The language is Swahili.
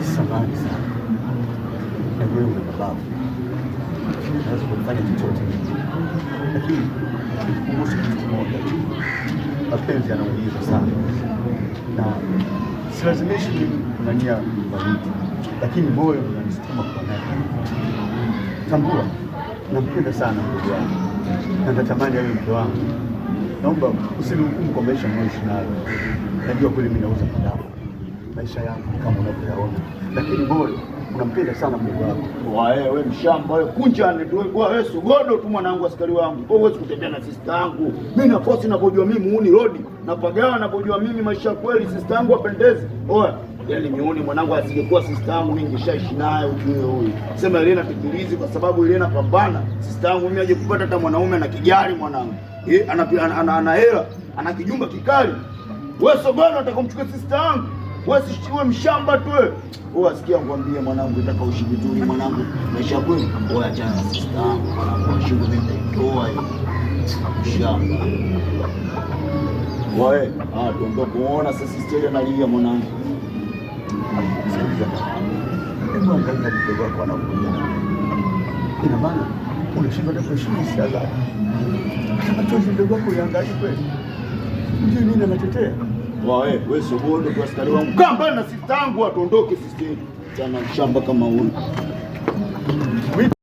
samani sana na wewe lakini kukumbusha kitu kimoja, mapenzi yanaumiza sana, na silazimishi mimi kuna nia lakini moyo unanisukuma kwa ndani. Tambua nampenda sana mke wangu na natamani awe mke wangu naomba usinihukumu kwa maisha ninayoishi nayo. Najua kweli mimi nauza madawa maisha yangu kama unavyoyaona, lakini bora unampenda sana Mungu wako. Wae we mshamba we kunja wewe sugodo tu mwanangu, askari wangu, huwezi kutembea na sista yangu mimi nakosi, napojua mimi muuni rodi napagawa, napojua mimi maisha kweli, sista yangu apendeze. Oya yani nimeoni mwanangu asingekuwa sister yangu mimi ningeshaishi naye ujue huyu. Sema ile na pitulizi kwa sababu Elena pambana. Sister yangu mimi aje kupata hata mwanaume na kijali mwanangu. Eh, ana ana, ana, ana hela, ana kijumba kikali. Wewe sogona utakumchukua sister yangu. Wewe si mshamba tu wewe. Wewe asikia ngwambie mwanangu nataka uishi vizuri mwanangu. Maisha yako ni kamboya jana sister yangu mwanangu ashingo mimi nitoa hiyo. Mshamba. Wewe, ah tuondoke kuona sasa sister analia mwanangu. Sikiliza, hebu angalia mdogo wako anakuona, ina maana unashindwa hata kuheshimu hisia zake. Machozi mdogo wako yaangalie kweli, mjui nini anatetea. Wae we sogodo kwa askari wangu, kaa mbali na sisi, tangu atuondoke sisi, chana shamba kama huyu.